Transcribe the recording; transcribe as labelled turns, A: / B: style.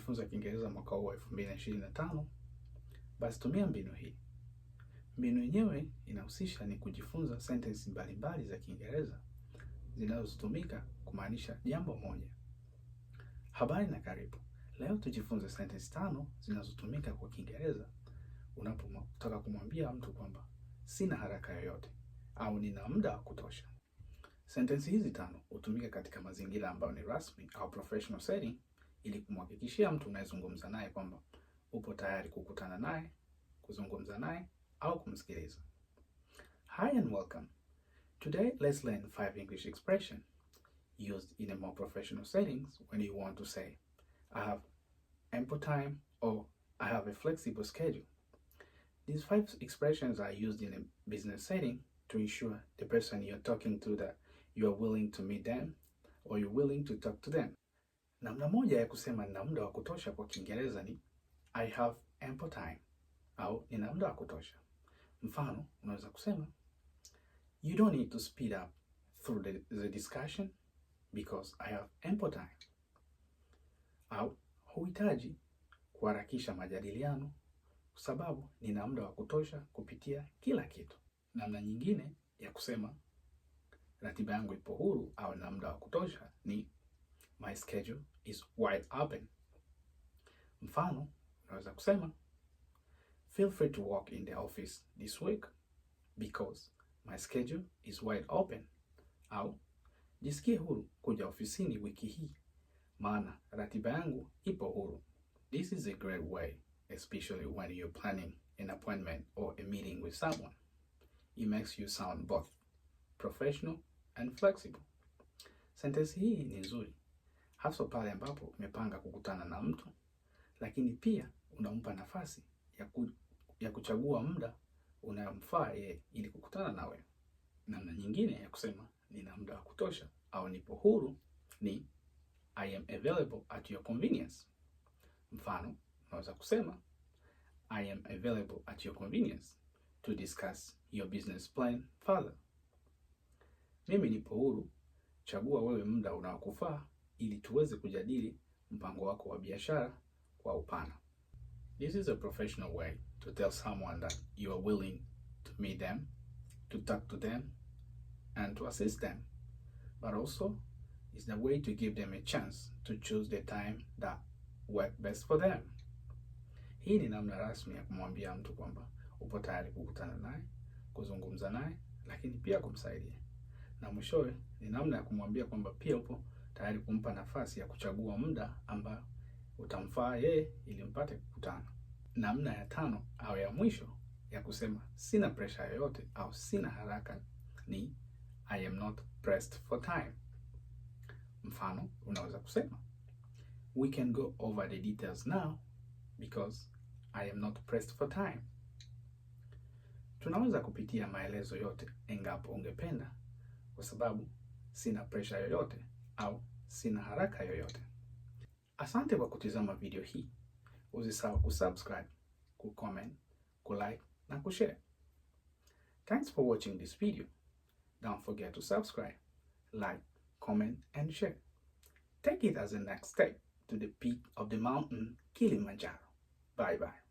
A: kujifunza Kiingereza mwaka huu wa 2025, basi tumia mbinu hii. Mbinu yenyewe inahusisha ni kujifunza sentensi mbalimbali za Kiingereza zinazotumika kumaanisha jambo moja. Habari na karibu. Leo tujifunze sentensi tano zinazotumika kwa Kiingereza unapotaka kumwambia mtu kwamba sina haraka yoyote au nina muda wa kutosha. Sentensi hizi tano hutumika katika mazingira ambayo ni rasmi au professional setting ili kumhakikishia mtu unayezungumza naye kwamba upo tayari kukutana naye, kuzungumza naye au kumsikiliza.
B: Hi and welcome. Today let's learn five English expression used in a more professional settings when you want to say I have ample time or I have a flexible schedule. These five expressions are used in a business setting to ensure the person you're talking to that you are willing to meet them or you're willing to talk to them.
A: Namna moja ya kusema nina muda wa kutosha kwa Kiingereza ni I have ample time au nina muda wa kutosha. Mfano, unaweza kusema You don't need to speed up through the, the discussion because I have ample time. Au huhitaji kuharakisha majadiliano kwa sababu nina muda wa kutosha kupitia kila kitu. Namna nyingine ya kusema ratiba yangu ipo huru au My schedule is wide open. Mfano, unaweza kusema feel free to walk in the office this week because my schedule is wide open, au jisikie huru kuja ofisini wiki hii maana ratiba yangu ipo huru.
B: This is a great way especially when you're planning an appointment or a meeting with someone. It makes you sound both professional and flexible.
A: Sentensi hii ni nzuri haswa pale ambapo umepanga kukutana na mtu, lakini pia unampa nafasi ya, ku, ya kuchagua muda unayomfaa yeye ili kukutana na wewe. Namna nyingine ya kusema nina muda wa kutosha au nipo huru ni I am available at your convenience. Mfano, unaweza kusema I am available at your convenience to discuss your business plan further. Mimi nipo huru, chagua wewe muda unaokufaa ili tuweze kujadili mpango wako wa biashara kwa upana.
B: This is a professional way to tell someone that you are willing to meet them, to talk to them and to assist them. But also is the way to give them a chance to choose the time that work best for them.
A: Hii ni namna rasmi ya kumwambia mtu kwamba upo tayari kukutana naye, kuzungumza naye, lakini pia kumsaidia. Na mwishowe ni namna ya kumwambia kwamba pia upo tayari kumpa nafasi ya kuchagua muda ambao utamfaa yeye ili mpate kukutana. Namna ya tano au ya mwisho ya kusema sina presha yoyote au sina haraka ni I am not pressed for time. Mfano, unaweza kusema we can go over the details now because I am not pressed for time. Tunaweza kupitia maelezo yote engapo ungependa, kwa sababu sina presha yoyote au sina haraka yoyote. Asante kwa kutizama video hii. Usisahau kusubscribe, kucomment, kulike na kushare.
B: Thanks for watching this video. Don't forget to subscribe, like, comment and share. Take it as a next step to the peak of the mountain Kilimanjaro. Bye bye.